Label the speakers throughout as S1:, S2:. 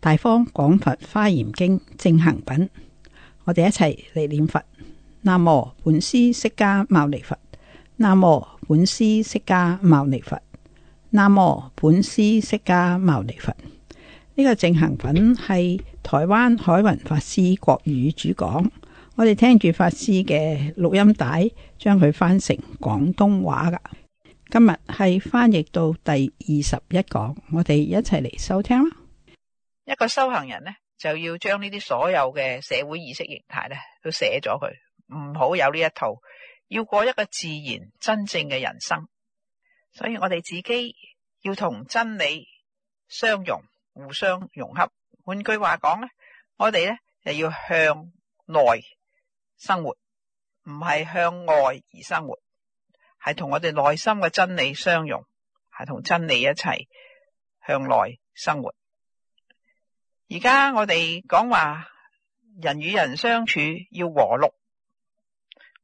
S1: 大方廣佛花嚴經正行品，我哋一齊嚟念佛。南無本師釋迦牟尼佛。南無本師釋迦牟尼佛。南無本師釋迦牟尼佛。呢個正行品係台灣海雲法師國語主講，我哋聽住法師嘅錄音帶，將佢翻成廣東話噶。今日係翻譯到第二十一講，我哋一齊嚟收聽啦。
S2: 一個修行人咧，就要將呢啲所有嘅社會意識形態咧，都寫咗佢，唔好有呢一套，要過一個自然真正嘅人生。所以我哋自己要同真理相融，互相融合。換句話講咧，我哋咧就要向內生活，唔係向外而生活，係同我哋內心嘅真理相融，係同真理一齊向內生活。而家我哋講話人與人相處要和睦，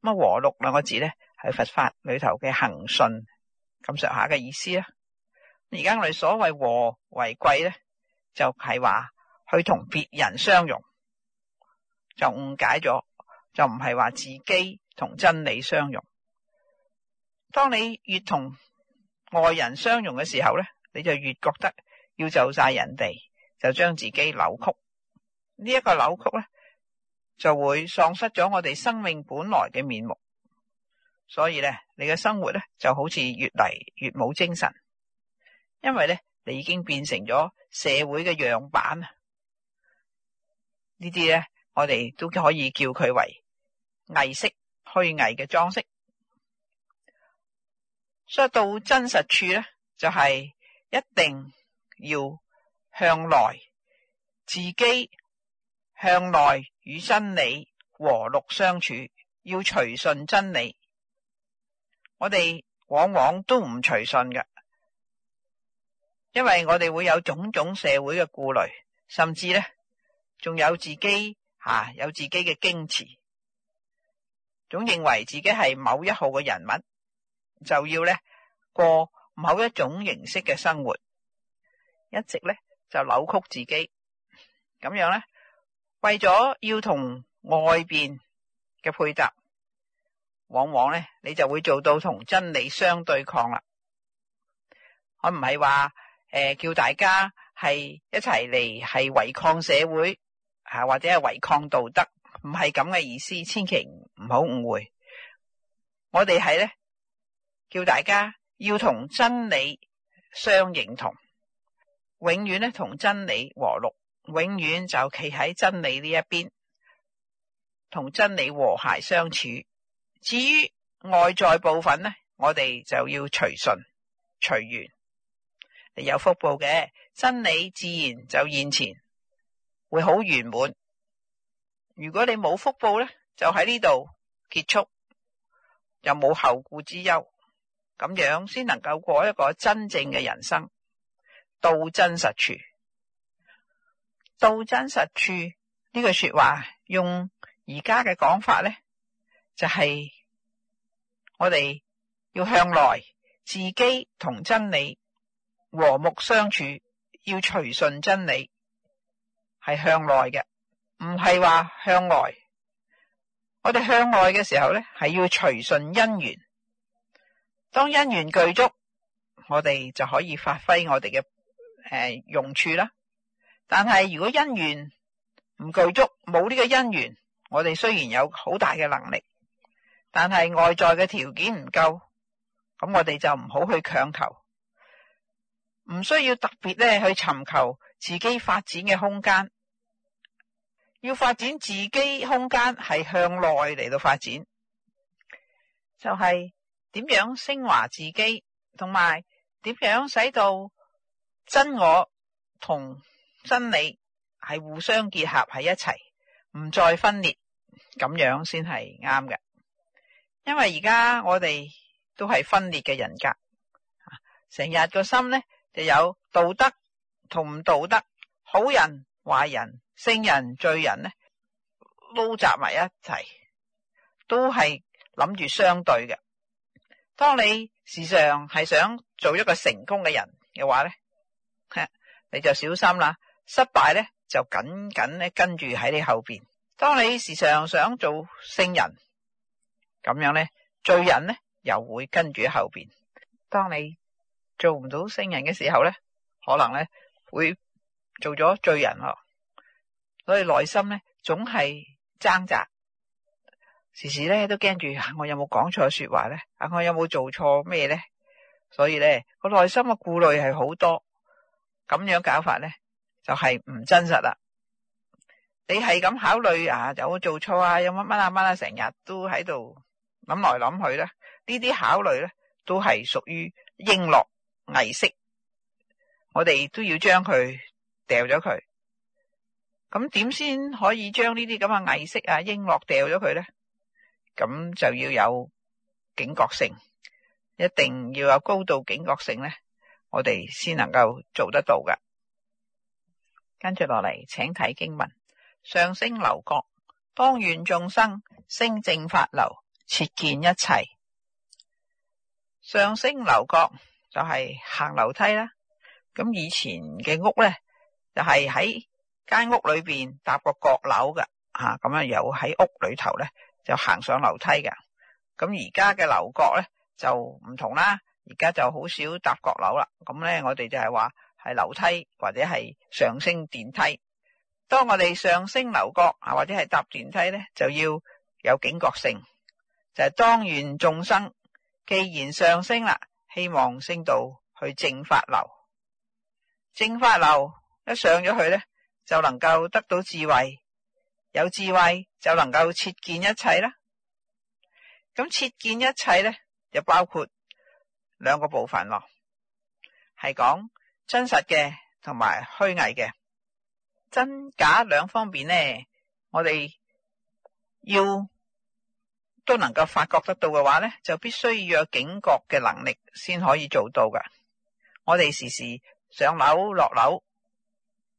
S2: 咁和睦兩個字咧係佛法裏頭嘅恒順，咁上下嘅意思啦。而家我哋所謂和為貴咧，就係話去同別人相融，就誤解咗，就唔係話自己同真理相融。當你越同外人相融嘅時候咧，你就越覺得要就晒人哋。就將自己扭曲，呢、這、一個扭曲咧，就會喪失咗我哋生命本來嘅面目。所以咧，你嘅生活咧就好似越嚟越冇精神，因為咧你已經變成咗社會嘅樣板啊！呢啲咧，我哋都可以叫佢為偽飾虛偽嘅裝飾。所以到真實處咧，就係、是、一定要。向來自己向來與真理和睦相處，要隨順真理。我哋往往都唔隨順嘅，因為我哋會有種種社會嘅顧慮，甚至呢仲有自己吓、啊、有自己嘅矜持，總認為自己係某一號嘅人物，就要呢過某一種形式嘅生活，一直呢。就扭曲自己，咁樣咧，為咗要同外邊嘅配搭，往往咧你就會做到同真理相對抗啦。我唔係話誒叫大家係一齊嚟係違抗社會吓、啊，或者係違抗道德，唔係咁嘅意思，千祈唔好誤會。我哋係咧叫大家要同真理相認同。永遠咧同真理和睦，永遠就企喺真理呢一邊，同真理和諧相處。至於外在部分呢，我哋就要隨順隨緣，你有福報嘅，真理自然就現前，會好圓滿。如果你冇福報呢，就喺呢度結束，又冇後顧之憂，咁樣先能夠過一個真正嘅人生。到真實處，到真實處呢句說話，用而家嘅講法咧，就係我哋要向內自己同真理和睦相處，要隨順真理係向內嘅，唔係話向外。我哋向外嘅時候咧，係要隨順因緣。當因緣具足，我哋就可以發揮我哋嘅。誒，用處、呃、啦。但係如果姻緣唔具足，冇呢個姻緣，我哋雖然有好大嘅能力，但係外在嘅條件唔夠，咁我哋就唔好去強求，唔需要特別咧去尋求自己發展嘅空間。要發展自己空間，係向內嚟到發展，就係、是、點樣升華自己，同埋點樣使到。真我同真理係互相結合喺一齊，唔再分裂，咁樣先係啱嘅。因為而家我哋都係分裂嘅人格，成日個心咧就有道德同唔道德、好人壞人、聖人罪人咧，撈集埋一齊，都係諗住相對嘅。當你時常係想做一個成功嘅人嘅話咧。你就小心啦，失敗咧就緊緊咧跟住喺你後邊。當你時常想做聖人，咁樣咧罪人咧，又會跟住後邊。當你做唔到聖人嘅時候咧，可能咧會做咗罪人咯。所以內心咧總係掙扎，時時咧都驚住我有冇講錯說話咧，我有冇做錯咩咧？所以咧個內心嘅顧慮係好多。咁樣搞法咧，就係唔真實啦。你係咁考慮啊，有做錯啊，有乜乜啊乜啊，成日都喺度諗來諗去咧。呢啲考慮咧，都係屬於應樂藝式。我哋都要將佢掉咗佢。咁點先可以將呢啲咁嘅藝式啊、應樂掉咗佢咧？咁就要有警覺性，一定要有高度警覺性咧。我哋先能夠做得到噶，跟住落嚟，請睇經文。上升樓閣，當願眾生，升正法樓，徹見一切。上升樓閣就係行樓梯啦。咁以前嘅屋咧，就係喺間屋裏邊搭個閣樓噶，吓咁啊，又喺屋裏頭咧就行上樓梯噶。咁而家嘅樓閣咧就唔同啦。而家就好少搭閣樓啦，咁咧我哋就係話係樓梯或者係上升電梯。當我哋上升樓閣啊，或者係搭電梯咧，就要有警覺性，就係當願眾生。既然上升啦，希望升到去正法樓，正法樓一上咗去咧，就能夠得到智慧，有智慧就能夠徹見一切啦。咁徹見一切咧，就包括，兩個部分咯，係講真實嘅同埋虛偽嘅真假兩方面咧。我哋要都能夠發覺得到嘅話咧，就必須要有警覺嘅能力先可以做到噶。我哋時時上樓落樓，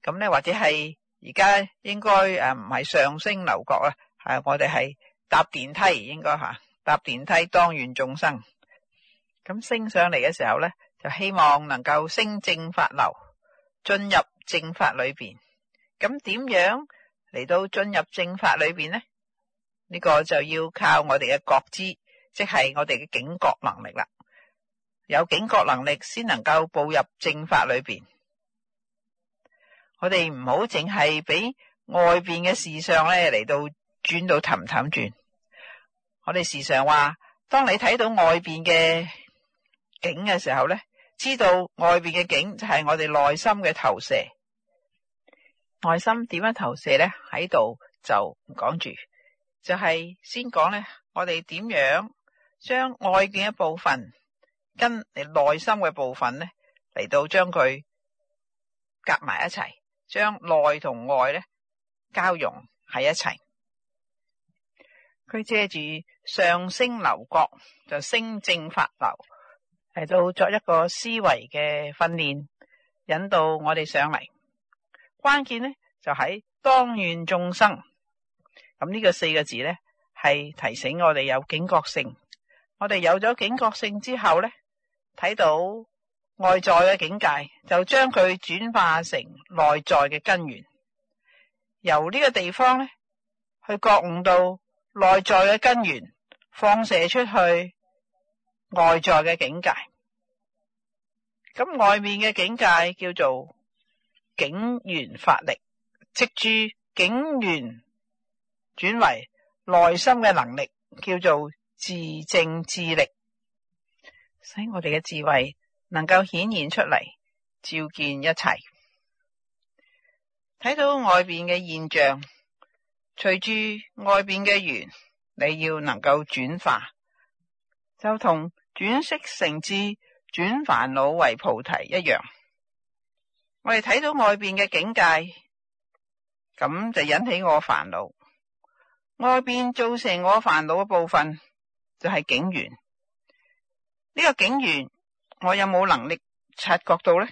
S2: 咁咧或者係而家應該誒唔係上升樓閣啦，係我哋係搭電梯應該吓，搭電梯當願眾生。咁升上嚟嘅時候咧，就希望能夠升正法流，進入正法裏邊。咁點樣嚟到進入正法裏邊呢？呢、呢個就要靠我哋嘅覺知，即係我哋嘅警覺能力啦。有警覺能力先能夠步入正法裏邊。我哋唔好淨係俾外邊嘅事相咧嚟到轉到氹氹轉。我哋時常話，當你睇到外邊嘅景嘅時候咧，知道外邊嘅景就係、是、我哋內心嘅投射。內心點樣投射咧？喺度就唔講住，就係、是、先講咧。我哋點樣將外境嘅部分跟嚟內心嘅部分咧，嚟到將佢夾埋一齊，將內同外咧交融喺一齊。佢借住上升流角就升正法流。嚟到作一個思維嘅訓練，引導我哋上嚟。關鍵呢，就喺當願眾生。咁、這、呢個四個字呢，係提醒我哋有警覺性。我哋有咗警覺性之後呢，睇到外在嘅境界，就將佢轉化成內在嘅根源。由呢個地方呢，去覺悟到內在嘅根源，放射出去。外在嘅境界，咁外面嘅境界叫做警員法力，即住警員轉為內心嘅能力，叫做自證自力，使我哋嘅智慧能夠顯現出嚟，照見一切。睇到外邊嘅現象，隨住外邊嘅緣，你要能夠轉化，就同。轉識成智，轉煩惱為菩提一樣。我哋睇到外邊嘅境界，咁就引起我煩惱。外邊造成我煩惱嘅部分，就係警員。呢個警員，我有冇能力察覺到呢？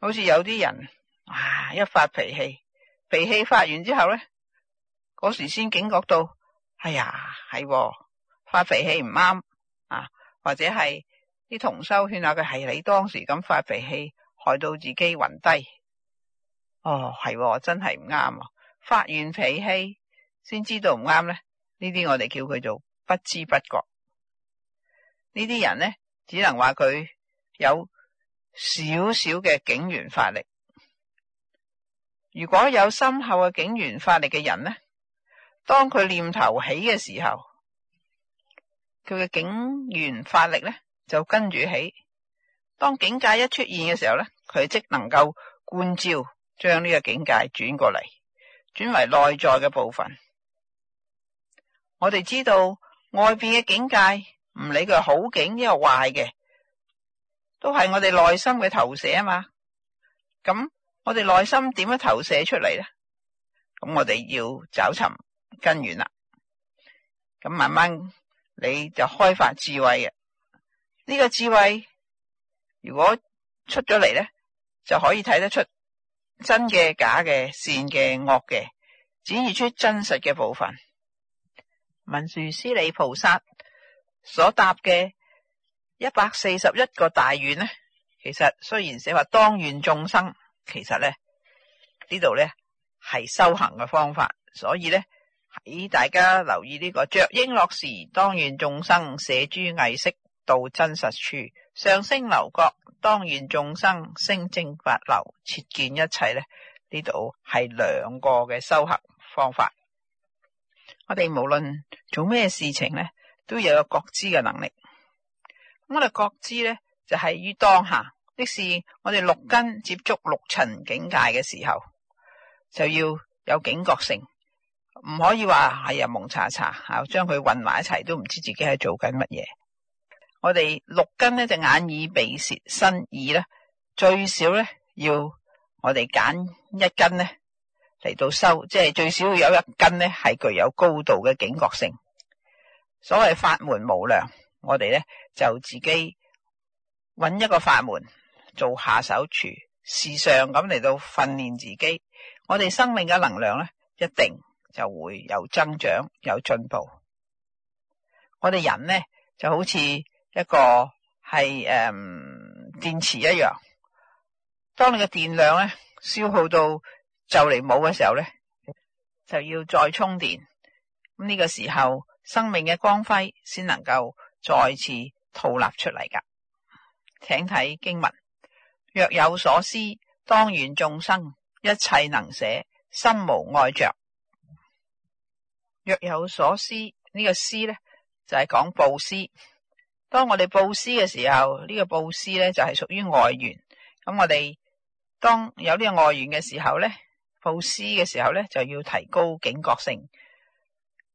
S2: 好似有啲人，哇！一發脾氣，脾氣發完之後呢，嗰時先警覺到，哎呀，係啊。發脾氣唔啱啊，或者係啲同修勸下佢，係你當時咁發脾氣，害到自己暈低哦。係真係唔啱啊！發完脾氣先知道唔啱咧。呢啲我哋叫佢做不知不覺。呢啲人咧，只能話佢有少少嘅警員法力。如果有深厚嘅警員法力嘅人咧，當佢念頭起嘅時候。佢嘅警員法力咧，就跟住起。當警戒一出現嘅時候咧，佢即能夠觀照，將呢個警戒轉過嚟，轉為內在嘅部分。我哋知道外邊嘅警戒，唔理佢好警亦或壞嘅，都係我哋內心嘅投射啊嘛。咁我哋內心點樣投射出嚟咧？咁我哋要找尋根源啦。咁慢慢。你就開發智慧嘅，呢個智慧，如果出咗嚟咧，就可以睇得出真嘅、假嘅、善嘅、惡嘅，展現出真實嘅部分。文殊師利菩薩所答嘅一百四十一個大願呢，其實雖然寫話當願眾生，其實咧呢度咧係修行嘅方法，所以咧。喺大家留意呢、這個着瓔珞時，當願眾生捨諸偽飾到真實處；上升樓閣，當願眾生升正法流，徹見一切咧。呢度係兩個嘅修行方法。我哋無論做咩事情咧，都有個覺知嘅能力。我哋覺知咧，就係於當下，即是我哋六根接觸六塵境界嘅時候，就要有警覺性。唔可以話係又蒙查查啊，將佢混埋一齊都唔知自己係做緊乜嘢。我哋六根呢，就眼、耳、鼻、舌、身、意啦。最少咧要我哋揀一根呢嚟到收，即係最少要有一根呢係具有高度嘅警覺性。所謂法門無量，我哋呢就自己揾一個法門做下手處，時常咁嚟到訓練自己。我哋生命嘅能量呢一定。就會有增長，有進步。我哋人呢就好似一個係誒、嗯、電池一樣，當你嘅電量呢消耗到就嚟冇嘅時候呢，就要再充電。咁、這、呢個時候，生命嘅光輝先能夠再次套立出嚟。噶，請睇經文，若有所思，當願眾生，一切能捨，心無愛著。若有所思呢、呢個思咧就係、是、講布施。當我哋布施嘅時候，這個、呢個布施咧就係、是、屬於外緣。咁我哋當有呢個外緣嘅時候咧，布施嘅時候咧就要提高警覺性。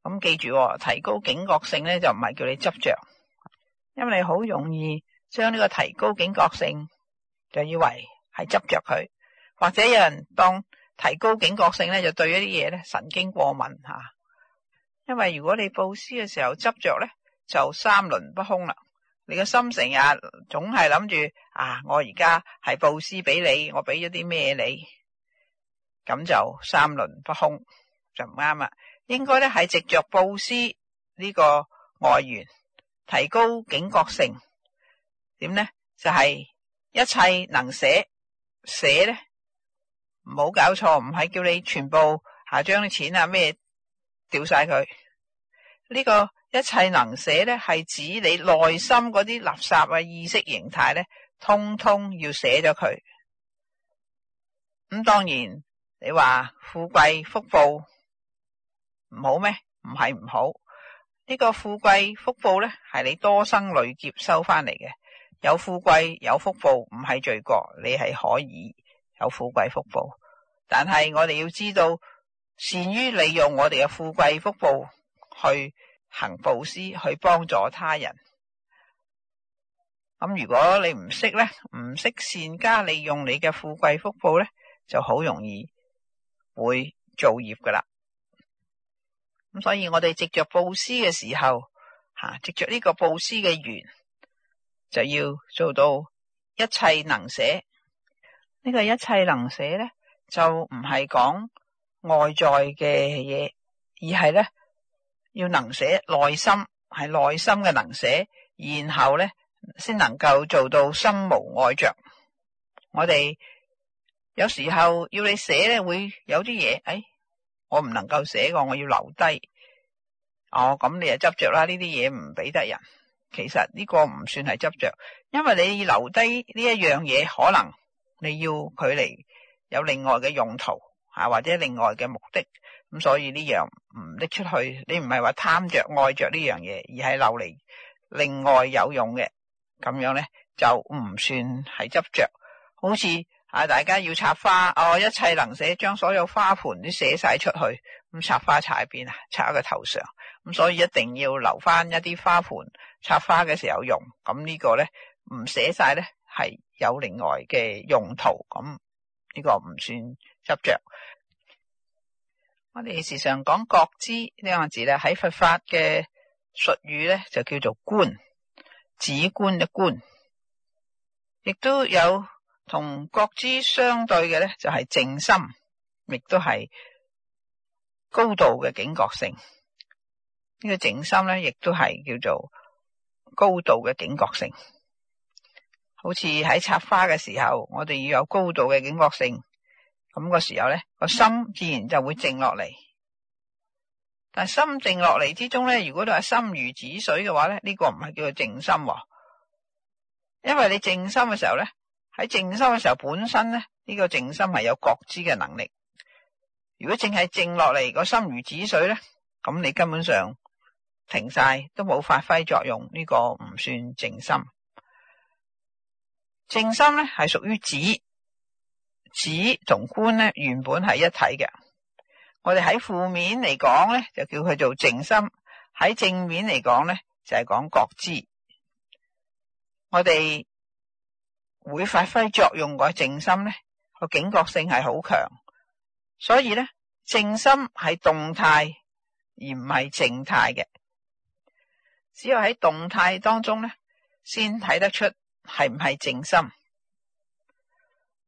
S2: 咁記住、哦，提高警覺性咧就唔係叫你執着，因為你好容易將呢個提高警覺性就以為係執着佢，或者有人當提高警覺性咧就對一啲嘢咧神經過敏吓。啊因為如果你布施嘅時候執着咧，就三輪不空啦。你個心成日總係諗住啊，我而家係布施俾你，我俾咗啲咩你，咁就三輪不空，就唔啱啦。應該咧係藉着布施呢個外緣，提高警覺性。點咧就係、是、一切能捨，捨咧唔好搞錯，唔係叫你全部下張啲錢啊咩。掉曬佢呢個一切能寫咧，係指你內心嗰啲垃圾嘅意識形態咧，通通要寫咗佢。咁、嗯、當然，你話富貴福報唔好咩？唔係唔好呢、呢個富貴福報咧，係你多生累劫收翻嚟嘅。有富貴有福報唔係罪過，你係可以有富貴福報，但係我哋要知道。善於利用我哋嘅富貴福報去行布施，去幫助他人。咁如果你唔識咧，唔識善加利用你嘅富貴福報咧，就好容易會造業噶啦。咁所以我哋藉着布施嘅時候，吓藉着呢個布施嘅緣，就要做到一切能捨。呢個一切能捨咧，就唔係講。外在嘅嘢，而係咧要能寫，內心係內心嘅能寫，然後咧先能夠做到心無外着。我哋有時候要你寫咧，會有啲嘢，誒、哎，我唔能夠寫個，我要留低。哦，咁你就執着啦，呢啲嘢唔俾得人。其實呢個唔算係執着，因為你留低呢一樣嘢，可能你要佢嚟有另外嘅用途。啊，或者另外嘅目的，咁、嗯、所以呢樣唔拎出去，你唔係話貪着愛着呢樣嘢，而係留嚟另外有用嘅，咁樣咧就唔算係執着，好似啊，大家要插花，哦，一切能寫，將所有花盆都寫晒出去，咁、嗯、插花插喺邊啊？插喺個頭上，咁、嗯、所以一定要留翻一啲花盆插花嘅時候用，咁、嗯、這個、呢個咧唔寫晒咧係有另外嘅用途咁。嗯呢個唔算執着。我哋時常講覺知呢個字咧，喺佛法嘅術語咧就叫做觀，止觀嘅觀。亦都有同覺知相對嘅咧，就係、是、靜心，亦都係高度嘅警覺性。呢、這個靜心咧，亦都係叫做高度嘅警覺性。好似喺插花嘅時候，我哋要有高度嘅警覺性，咁個時候咧，個心自然就會靜落嚟。但係心靜落嚟之中咧，如果都係心如止水嘅話咧，呢個唔係叫做靜心，因為你靜心嘅時候咧，喺靜心嘅時候本身咧，呢個靜心係有覺知嘅能力。如果淨係靜落嚟個心如止水咧，咁你根本上停晒都冇發揮作用，呢個唔算靜心。靜心咧係屬於子子同官咧，原本係一體嘅，我哋喺負面嚟講咧就叫佢做靜心；喺正面嚟講咧就係講覺知。我哋會發揮作用個靜心咧，個警覺性係好強，所以咧靜心係動態而唔係靜態嘅，只有喺動態當中咧先睇得出。係唔係靜心？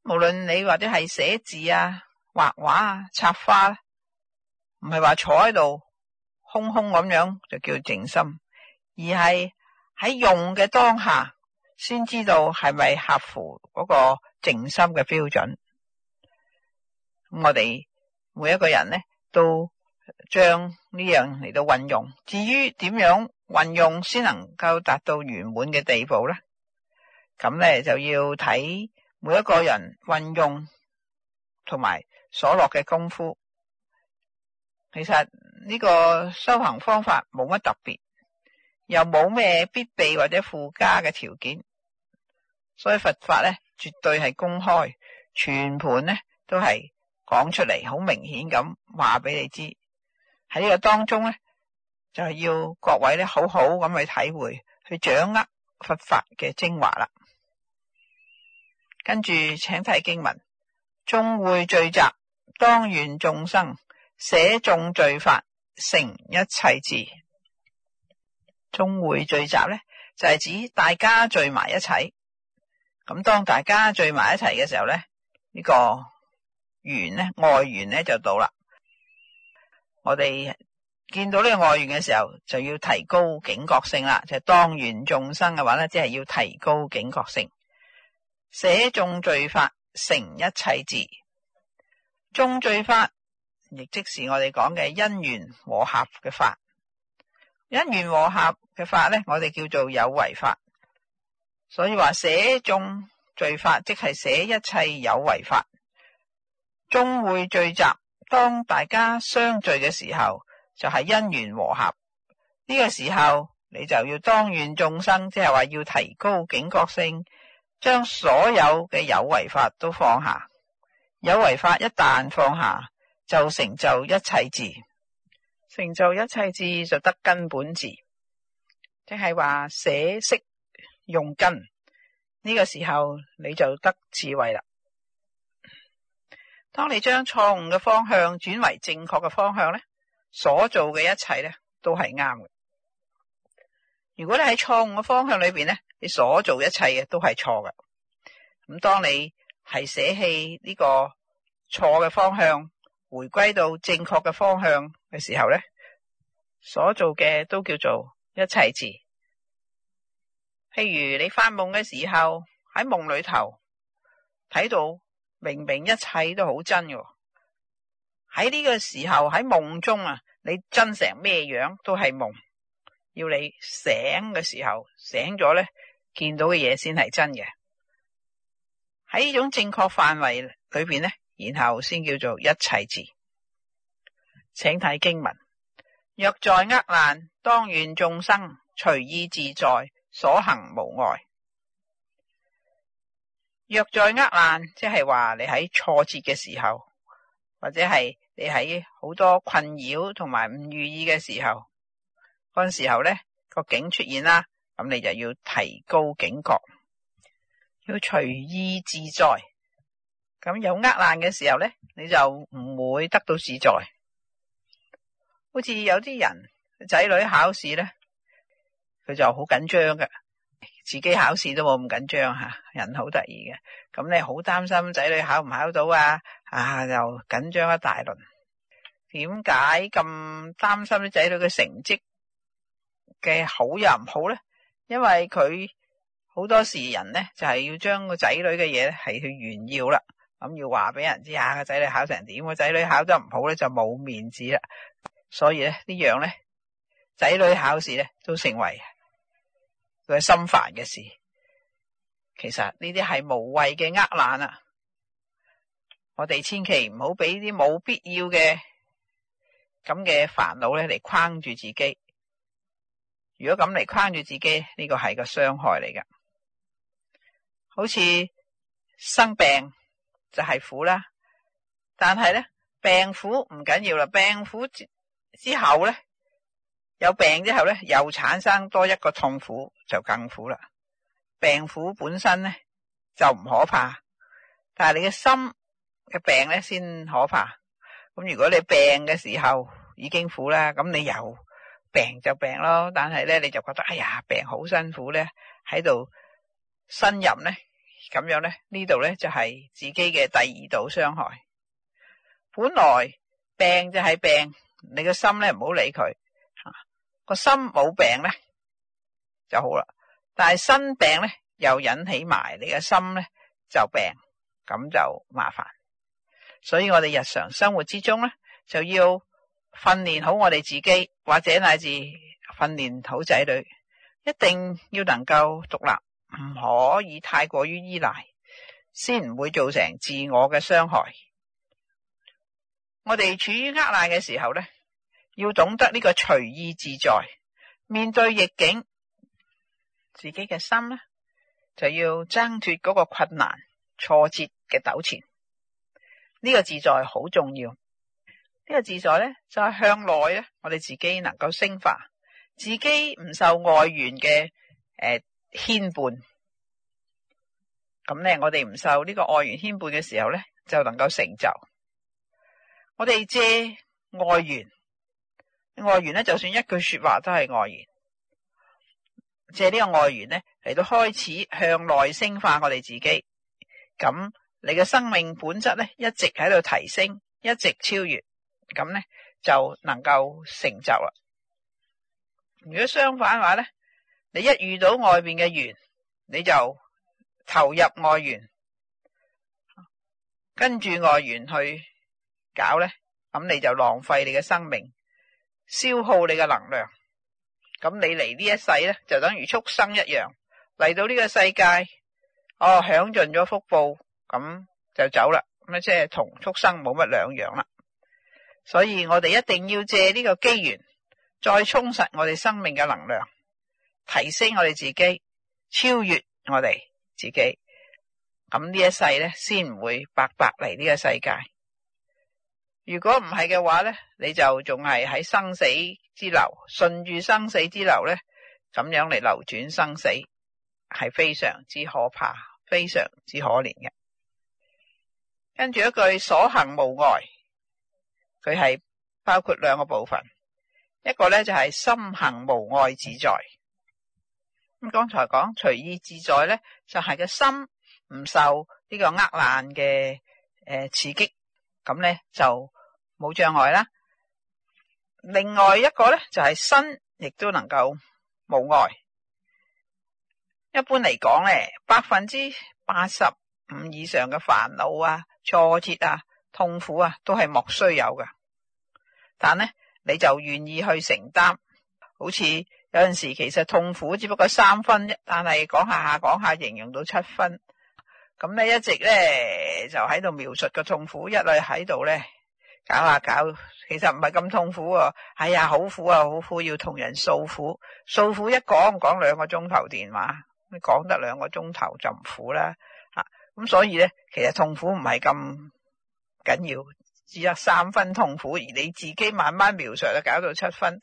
S2: 無論你或者係寫字啊、畫畫啊、插花啊，唔係話坐喺度空空咁樣就叫靜心，而係喺用嘅當下，先知道係咪合乎嗰個靜心嘅標準。我哋每一個人咧，都將呢樣嚟到運用。至於點樣運用，先能夠達到圓滿嘅地步咧？咁咧就要睇每一個人運用同埋所落嘅功夫。其實呢個修行方法冇乜特別，又冇咩必備或者附加嘅條件。所以佛法咧，絕對係公開，全盤咧都係講出嚟，好明顯咁話俾你知。喺呢個當中咧，就係要各位咧好好咁去體會，去掌握佛法嘅精華啦。跟住，請睇經文，終會聚集，當願眾生，捨眾聚法，成一切智。終會聚集咧，就係、是、指大家聚埋一齊。咁當大家聚埋一齊嘅時候咧，呢、這個緣咧外緣咧就到啦。我哋見到呢個外緣嘅時候，就要提高警覺性啦。就是、當願眾生嘅話咧，即、就、係、是、要提高警覺性。寫眾聚法成一切字，眾聚法亦即是我哋講嘅因緣和合嘅法。因緣和合嘅法咧，我哋叫做有為法。所以話寫眾聚法，即係寫一切有為法，終會聚集。當大家相聚嘅時候，就係、是、因緣和合呢、這個時候，你就要當願眾生，即係話要提高警覺性。將所有嘅有為法都放下，有為法一旦放下，就成就一切智。成就一切智就得根本智，即係話捨識用根。呢個時候你就得智慧啦。當你將錯誤嘅方向轉為正確嘅方向咧，所做嘅一切咧都係啱嘅。如果你喺錯誤嘅方向裏邊咧，你所做一切嘅都係錯噶咁當你係捨棄呢個錯嘅方向，回歸到正確嘅方向嘅時候咧，所做嘅都叫做一切字。譬如你發夢嘅時候，喺夢裏頭睇到明明一切都好真嘅，喺呢個時候喺夢中啊，你真成咩樣都係夢。要你醒嘅時候，醒咗咧。見到嘅嘢先係真嘅，喺呢種正確範圍裏邊呢，然後先叫做一切智。請睇經文：若在厄難，當願眾生隨意自在，所行無礙。若在厄難，即係話你喺挫折嘅時候，或者係你喺好多困擾同埋唔如意嘅時候，嗰時候呢，這個境出現啦。咁你就要提高警覺，要隨意自在。咁有厄難嘅時候咧，你就唔會得到自在。好似有啲人仔女考試咧，佢就好緊張㗎，自己考試都冇咁緊張吓，人好得意嘅。咁你好擔心仔女考唔考到啊，啊又緊張一大輪。點解咁擔心啲仔女嘅成績嘅好又唔好咧？因為佢好多時人咧，就係要將個仔女嘅嘢係去炫耀啦，咁要話俾人知下個仔女考成點，個仔女考得唔好咧就冇面子啦。所以咧呢樣咧，仔女考試咧都成為佢心煩嘅事。其實呢啲係無謂嘅呃難啊！我哋千祈唔好俾啲冇必要嘅咁嘅煩惱咧嚟框住自己。如果咁嚟框住自己，呢個係個傷害嚟噶。好似生病就係苦啦，但係咧病苦唔緊要啦，病苦之後咧有病之後咧又產生多一個痛苦就更苦啦。病苦本身咧就唔可怕，但係你嘅心嘅病咧先可怕。咁如果你病嘅時候已經苦啦，咁你又。病就病咯，但係咧你就覺得哎呀病好辛苦咧，喺度呻吟咧，咁樣咧呢度咧就係、是、自己嘅第二度傷害。本來病就係病，你個心咧唔好理佢，個、啊、心冇病咧就好啦。但係新病咧又引起埋你個心咧就病，咁就麻煩。所以我哋日常生活之中咧就要。訓練好我哋自己，或者乃至訓練好仔女，一定要能夠獨立，唔可以太過於依賴，先唔會造成自我嘅傷害。我哋處於厄難嘅時候呢，要懂得呢個隨意自在，面對逆境，自己嘅心呢，就要掙脫嗰個困難、挫折嘅糾纏。呢個自在好重要。呢個自在咧，就係向內咧，我哋自己能夠升華，自己唔受外緣嘅誒牽絆。咁咧，我哋唔受呢個外緣牽絆嘅時候咧，就能夠成就。我哋借外緣，外緣咧，就算一句說話都係外緣。借呢個外緣咧嚟到開始向內升華我哋自己。咁你嘅生命本質咧一直喺度提升，一直超越。咁咧就能夠成就啦。如果相反話咧，你一遇到外面嘅緣，你就投入外緣，跟住外緣去搞咧，咁你就浪費你嘅生命，消耗你嘅能量。咁你嚟呢一世咧，就等於畜生一樣嚟到呢個世界，哦享盡咗福報，咁就走啦。咁即係同畜生冇乜兩樣啦。所以我哋一定要借呢個機緣，再充實我哋生命嘅能量，提升我哋自己，超越我哋自己。咁呢一世咧，先唔會白白嚟呢個世界。如果唔係嘅話咧，你就仲係喺生死之流，順住生死之流咧，咁樣嚟流轉生死，係非常之可怕，非常之可憐嘅。跟住一句，所行無礙。佢係包括兩個部分，一個咧就係心行無礙自在。咁剛才講隨意自在咧，就係、是、個心唔受呢個厄難嘅、誒刺激，咁咧就冇障礙啦。另外一個咧就係身亦都能夠無礙。一般嚟講咧，百分之八十五以上嘅煩惱啊、挫折啊。痛苦啊，都係莫須有噶。但呢，你就願意去承擔？好似有陣時，其實痛苦只不過三分，但係講下下講下，形容到七分咁。你一直呢就喺度描述個痛苦，一來喺度呢搞下搞，其實唔係咁痛苦喎。哎呀，好苦啊，好苦，要同人訴苦，訴苦一講講兩個鐘頭電話，你講得兩個鐘頭就唔苦啦吓。咁所以呢，其實痛苦唔係咁緊要，只有三分痛苦，而你自己慢慢描述咧，搞到七分。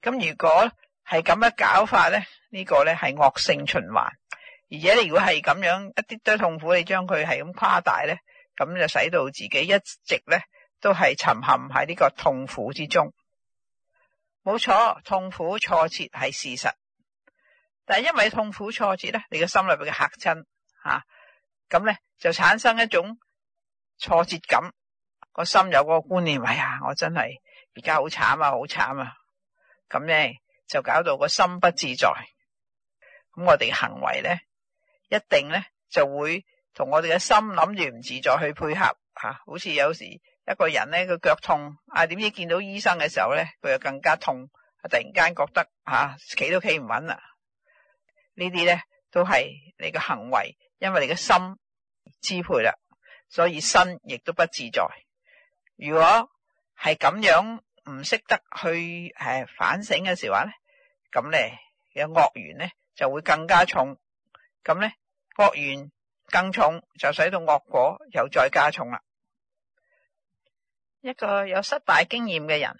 S2: 咁如果係咁樣搞法咧，呢、呢個咧係惡性循環。而且你如果係咁樣一啲都痛苦，你將佢係咁誇大咧，咁就使到自己一直咧都係沉陷喺呢個痛苦之中。冇錯，痛苦挫折係事實，但係因為痛苦挫折咧，你個心裏邊嘅吓親吓，咁、啊、咧就產生一種。挫折感，個心有嗰個觀念，哎、啊、呀，我真係而家好慘啊，好慘啊！咁咧就搞到個心不自在，咁我哋行為咧一定咧就會同我哋嘅心諗住唔自在去配合吓、啊，好似有時一個人咧個腳痛啊，點知見到醫生嘅時候咧，佢又更加痛，突然間覺得吓企、啊、都企唔穩啦，呢啲咧都係你嘅行為，因為你嘅心支配啦。所以身亦都不自在。如果係咁樣唔識得去誒、呃、反省嘅時話咧，咁咧嘅惡緣咧就會更加重。咁咧惡緣更重就使到惡果又再加重啦。一個有失敗經驗嘅人，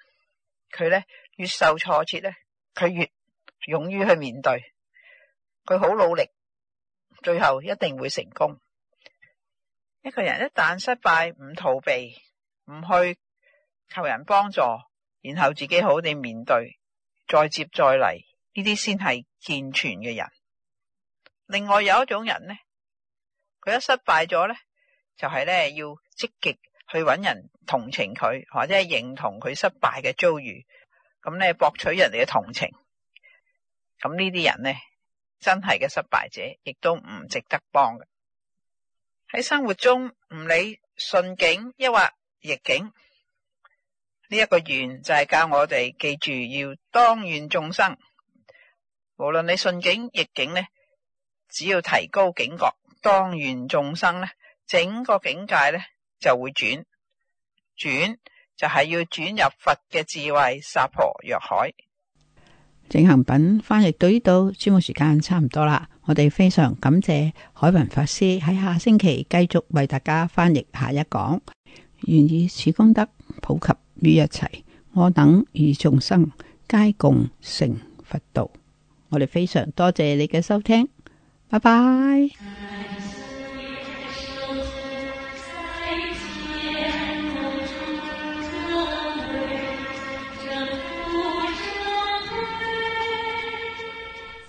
S2: 佢咧越受挫折咧，佢越勇於去面對，佢好努力，最後一定會成功。一個人一旦失敗，唔逃避，唔去求人幫助，然後自己好好地面對，再接再厲，呢啲先係健全嘅人。另外有一種人呢，佢一失敗咗呢，就係呢要積極去揾人同情佢，或者係認同佢失敗嘅遭遇，咁呢博取人哋嘅同情。咁呢啲人呢，真係嘅失敗者，亦都唔值得幫嘅。喺生活中，唔理順境抑或逆境，呢、這、一個願就係教我哋記住要當願眾生。無論你順境逆境咧，只要提高警覺，當願眾生咧，整個境界咧就會轉。轉就係要轉入佛嘅智慧薩婆若海。
S1: 淨行品翻譯到呢度，節目時間差唔多啦。我哋非常感謝海文法師喺下星期繼續為大家翻譯下一講。 願以此功德普及於一切，我等與眾生皆共成佛道。我哋非常多謝你嘅收聽，拜拜。